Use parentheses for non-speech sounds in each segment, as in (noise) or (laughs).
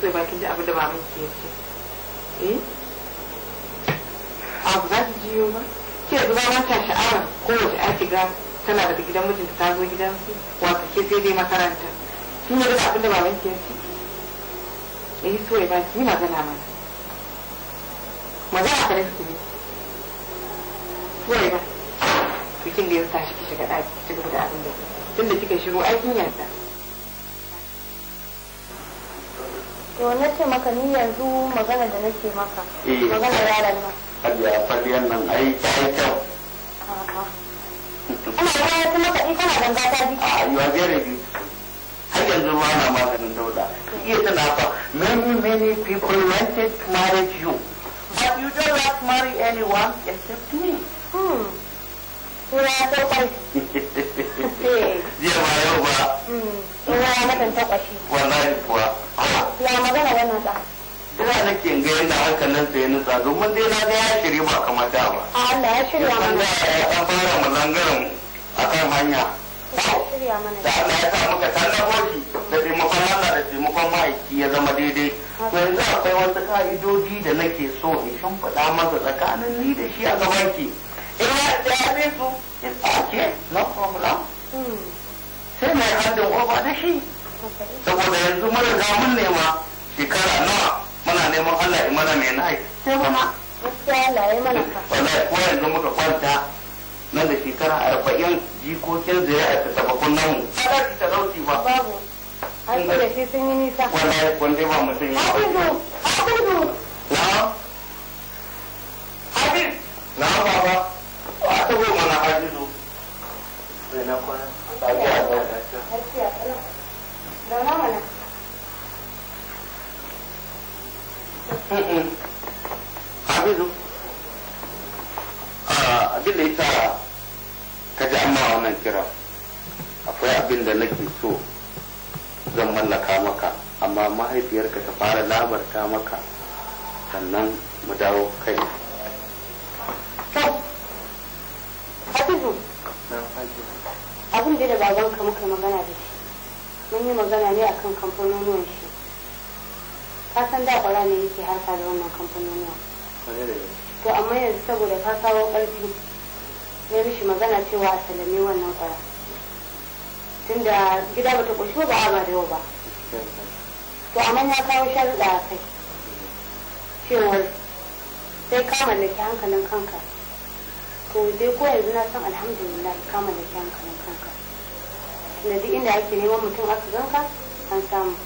so bakin da abin da baban ki yake eh abu za ki jiyo ba ke yanzu ba mata sha'awa kowace aiki ga tana daga gidan mijinta ta zo gidansu wato ke sai dai makaranta kin yi da abin da baban ki yake eh so ya baki yi magana mana magana ka rasu ne so ba bikin da ya tashi ki shiga ɗaki ki da abin da tun da kika aikin yadda to na ce maka ni yanzu magana da nake maka eh. magana yaran nan hajiya kwalliyar nan ai ta yi kyau ina ga wasu maka ita na ganga ta ji a yi wa very good har yanzu ma na maganin dauda iya na fa many many people wanted to marry you but you don't want to marry anyone except me hmm. Ina ta kwai. (laughs) Jiya ba yau ba. Hmm. Ina matan ta kwashi. Wallahi kuwa. Ah. ya magana ya nutsa ina da kin ga yadda hankalin sa ya nutsa domin dai na ga ya shirye ba kamar da ba a Allah ya shirya mana ya san fara mulangaren akan hanya da Allah ya sa muka tallafo shi da taimakon Allah da taimakon ma'aiki ya zama daidai to yanzu akwai wasu ka'idodi da nake so in shimfiɗa masa tsakanin ni da shi a gaban ki in ya tsaya su in ake no problem hmm. sai mai hajjin ofa da shi saboda yanzu mun riga mun nema shekara nawa muna neman Allah ya mana mai nai kuma Allah ya mana fa wallahi ko yanzu muka kwanta nan da shekara arba'in jikokin zuri'a ta tabakun namu ba za ki talauci ba babu har da shi sun yi nisa wallahi kun dai ba mutum ya ba na zai ah, zo abin da ita ka ji amma wannan kira akwai abin da nake so zan mallaka maka amma mahaifiyarka ta fara labarta maka sannan mu dawo kai abin da ka muka magana da shi mun yi magana ne akan kamfanonuwan shi ka san da ne yake harka da wannan kamfanonuwan to amma yanzu saboda ka kawo ƙarfi na mishi magana cewa a salame wannan ƙara tunda gida bata ƙoshi ba a ba da yau ba to amma ya kawo sharuɗa a kai cewar sai ka mallaki hankalin kanka to dai ko yanzu na san alhamdulillah ka mallaki hankalin kanka tunda duk inda ake neman mutum aka ganka an samu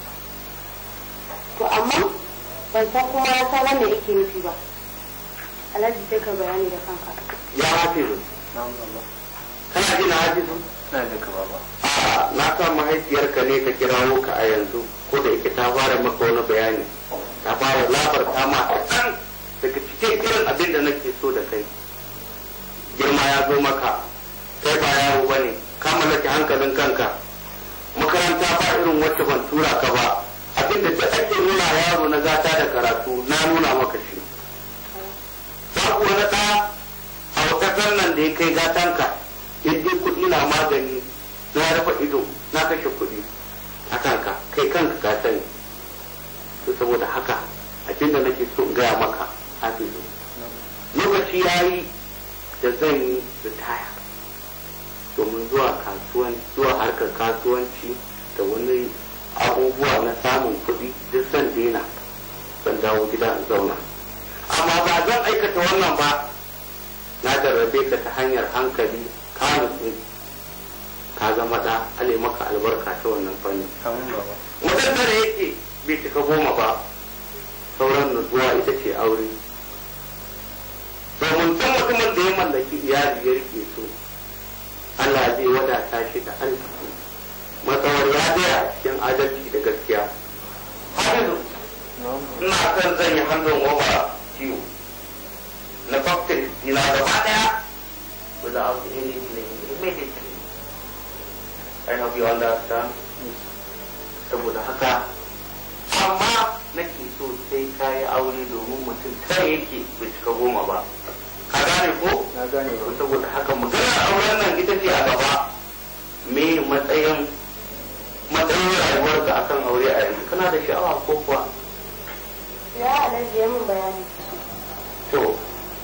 to amma ban san kuma ya san wanda yake nufi ba alhaji sai ka bayani da kanka ya hafizu kana ji na hafizu na ji ka baba na sa mahaifiyarka ne ka kirawo ka a yanzu ko da yake ta fara maka wani bayani ta fara labarta ma kaɗan daga cikin irin abin da nake so da kai girma ya zo maka kai ba yawo ba ne ka mallaki hankalin kanka makaranta ba irin wacce ban tura ka ba abin da ta ake nuna yaro na gata da karatu na nuna maka shi wani ɗa a wata nan da ya kai gatanka yadda kuɗi na magani na rufe ido na kashe kuɗi a kanka kai kanka ka sani to saboda haka abin da nake so gaya maka hafizu lokaci ya yi da zan yi ritaya domin zuwa kasuwanci zuwa harkar kasuwanci da wani abubuwa na samun kuɗi duk san daina ban dawo gida in zauna fa na jarrabe ka ta hanyar hankali ka nutsu ka zama da ale maka albarka ta wannan fanni mutum yake bai cika goma ba sauran nutsuwa ita ce aure domin can mutumin da ya mallaki iyali ya rike su Allah zai wadata shi da arziki matsawar ya tsaya cikin adalci da gaskiya har na kan zan yi hannun wama ciwo adopted the laws without any I hope you all understand. Saboda haka, amma nake so sai ka yi aure domin mutum yake bai cika goma ba. Ka gane ko? Na gane ba. Saboda haka maganar auren nan ita ce a gaba. Me matsayin matsayin rayuwarka akan aure a yanzu kana da sha'awa ko kuwa? Ya alaji ya mun bayani. To,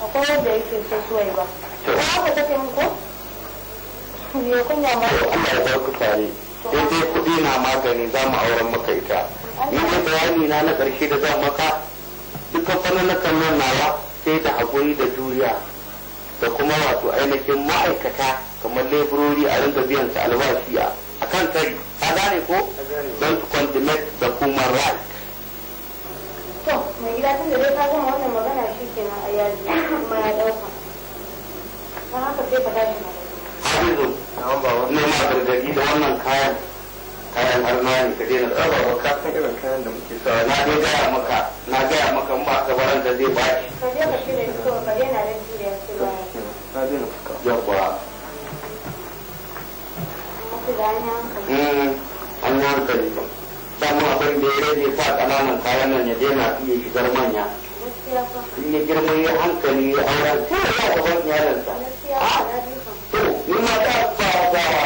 akwai wanda yake so suwai ba ko haka take min ko me kunya ko Allah ya ku tare sai dai kuɗi na magani za mu auren maka ita ni dai bayani na na ƙarshe da zan maka dukkan fannin na kallon nawa sai da haƙuri da juriya da kuma wato ainihin ma'aikata kamar leburori a rinka biyan su albashi a kan kari ka gane ko don su condemnate da human rights to mai gida tun da dai ka gama wannan magana shi kenan a yaji kuma ya ɗauka don haka sai ka tashi yanzu ba wannan ma gargadi da wannan kayan kayan har armani ka daina tsaba ba ka san irin kayan da muke sawa na dai gaya maka na gaya maka in ba ka baran da zai ba shi ka je ka shirya to ka daina da juriya su ba na daina fuska yawwa hmm, an yi hankali samu abin da ya rage fa kananan kayan nan ya daina iya shigar manya in ya girma ya hankali ya auren sai ya ga ban iyalansa ah, to ni ma ta fara fara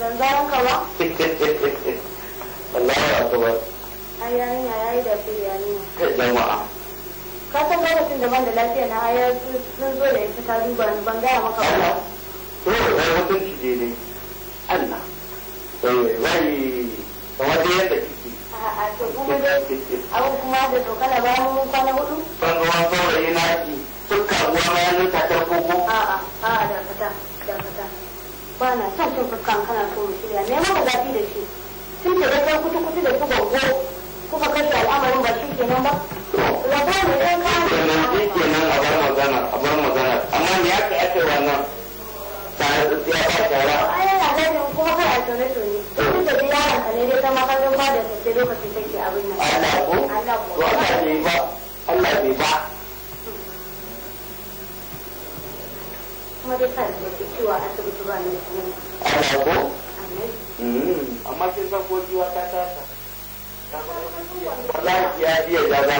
nan za ka ba wallahi akbar ai yayin ya yayi da firiyani ta jama'a ka san lokacin da ban da lafiya na ayar sun zo da ita ta duba ni ban gaya maka ba to ai mutunci ne Allah eh, wai kamar dai yadda kike a to kuma dai abin kuma da tsokana ba mu kwana hudu ban ruwa saurayi na ki tukka ruwa ma yanzu ta ta koko a a da fata da fata ba na son cin fuskan kana so mu shirya me maka zafi da shi tun da kai kutu kutu da su gogo kuka kashe al'amarin ba shi kenan ba labarin ne kawo kenan kenan a bar magana a bar magana amma me ya ka ake wannan ta da tsaya ba tare tone da ta da Allah ko Allah ko Allah bai ba Allah bai ba Allah ko hmm. amma san ko jiwa ta tasa wallahi ya iya wanda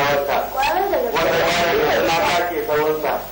ya na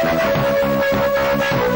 Thank you.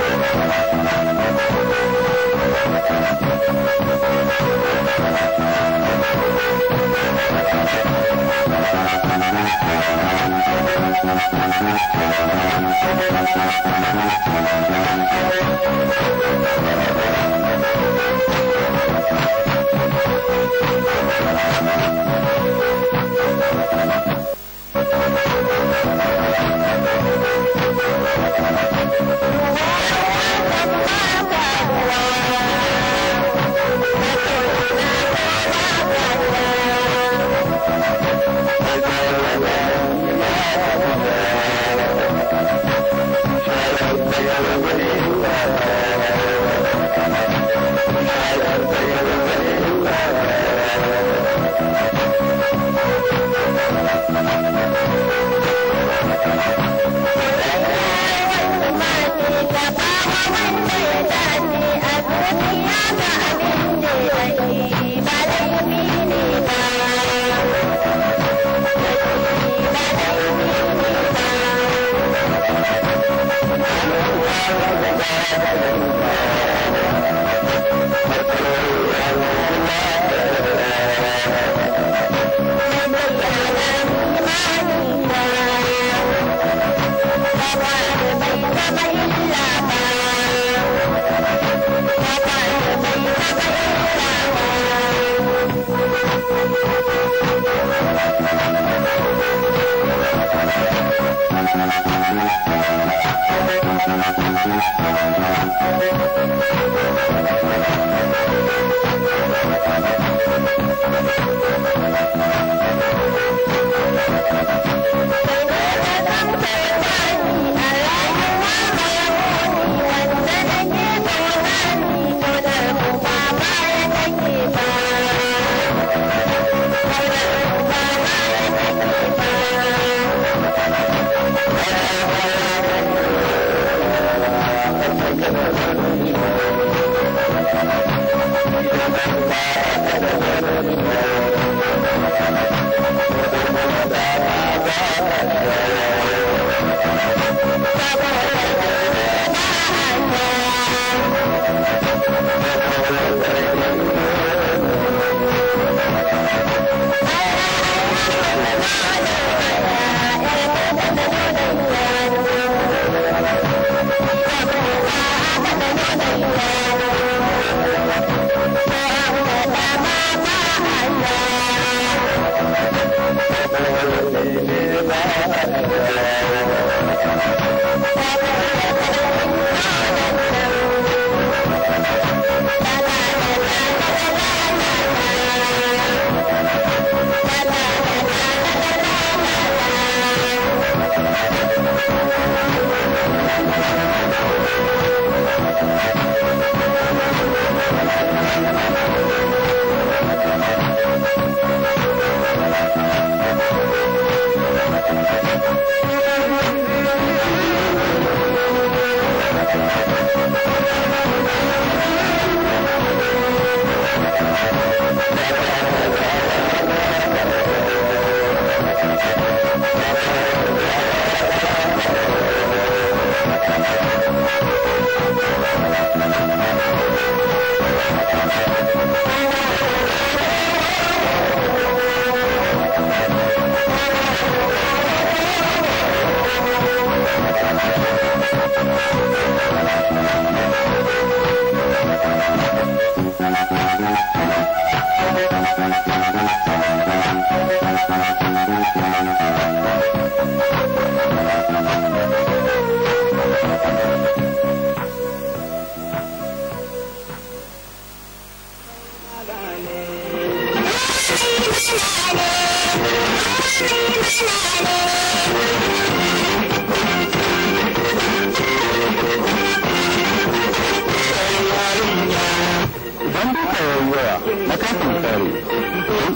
tsari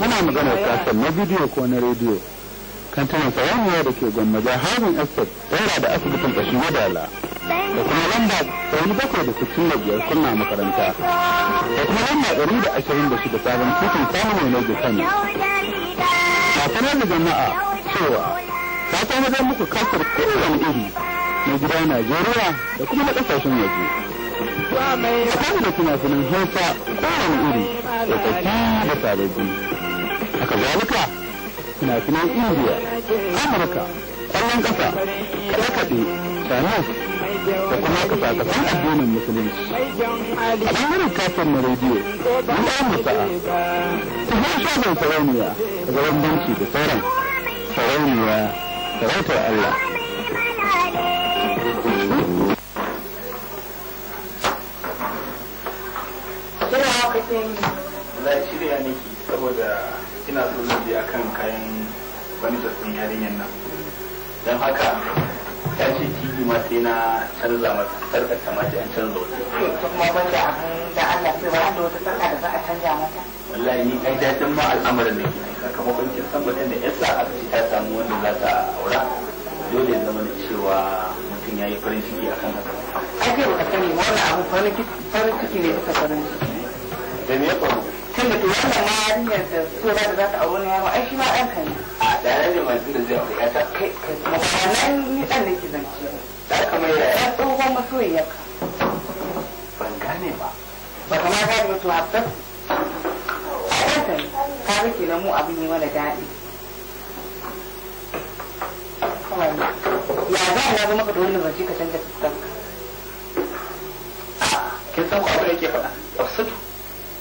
ana magana sassan na bidiyo ko na rediyo kantinan sarauniya da ke gwammaja harin estate daura da asibitin ƙashi wadala da kuma lamba ɗari bakwai da sittin da biyar kunna makaranta da kuma lamba ɗari da ashirin da shida sabon titin samun mai da kano a sanar da jama'a cewa ta tanadar muku kasar kowane iri na gida najeriya da kuma na ƙasashen waje da fina-finan hausa kowane iri tsofaffi da sababbi haka zalika fina-finan indiya amurka kwallon ƙasa kaɗe-kaɗe chinese da kuma kasa-kasan addinin musulunci a ɓangaren kafin na rediyo mun ɗan musa'a ta harshe shagon sarauniya da gaban banki da sauran sarauniya sarautar allah za a shirya niki saboda ina so zan je akan kayan furniture din yarinyar nan don haka ya ce tv ma sai na canza masa sarkar ta ma sai an canza wata kuma banda abin da Allah sai ba da wata sarka da za a canja mata wallahi ni ai dadin ma al'amarin da ke sakamakon kin san mutum da yasa aka ce ta samu wanda za ta aura dole ya zama da cewa mutum ya yi farin ciki akan haka ai kai baka sani wannan abu farin ciki ne duka farin ciki da ya faru tun da to wannan ma yarinyar da so da za ta aure yaro ai shi ma ɗanka ne a ɗana ne masu da zai aure ya ta kai kai kuma ni ɗan nake zance da kamar yaya ya tsohon masoyiyarka ban gane ba ba kamar ka da mutu haɓɓar ka ga kenan mu abin yi mana daɗi ya za a zama maka da wani zance ka canza fuskanka kin san ko abin da yake faɗa wasu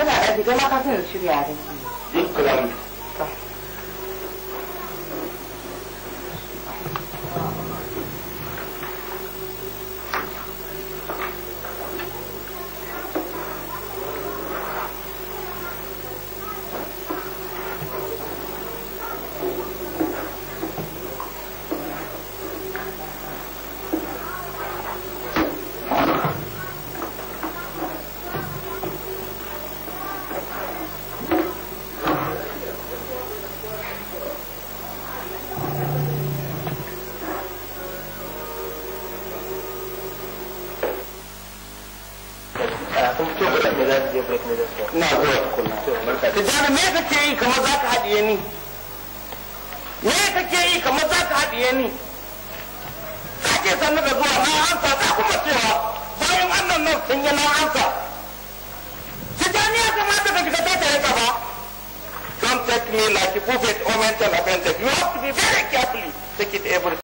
a da gama ka sanin shirya da kula mutu je break ne zan ina zuwa me kake yi kamar za ka haɗiye ni me kake yi kamar za ka haɗiye ni sake sannu da zuwa na amsa ta kuma cewa bayan annan nan sun yi na amsa su ya kamata ka fita ta ka ba don't take me like a buffet or mental offensive you have to be very carefully take it every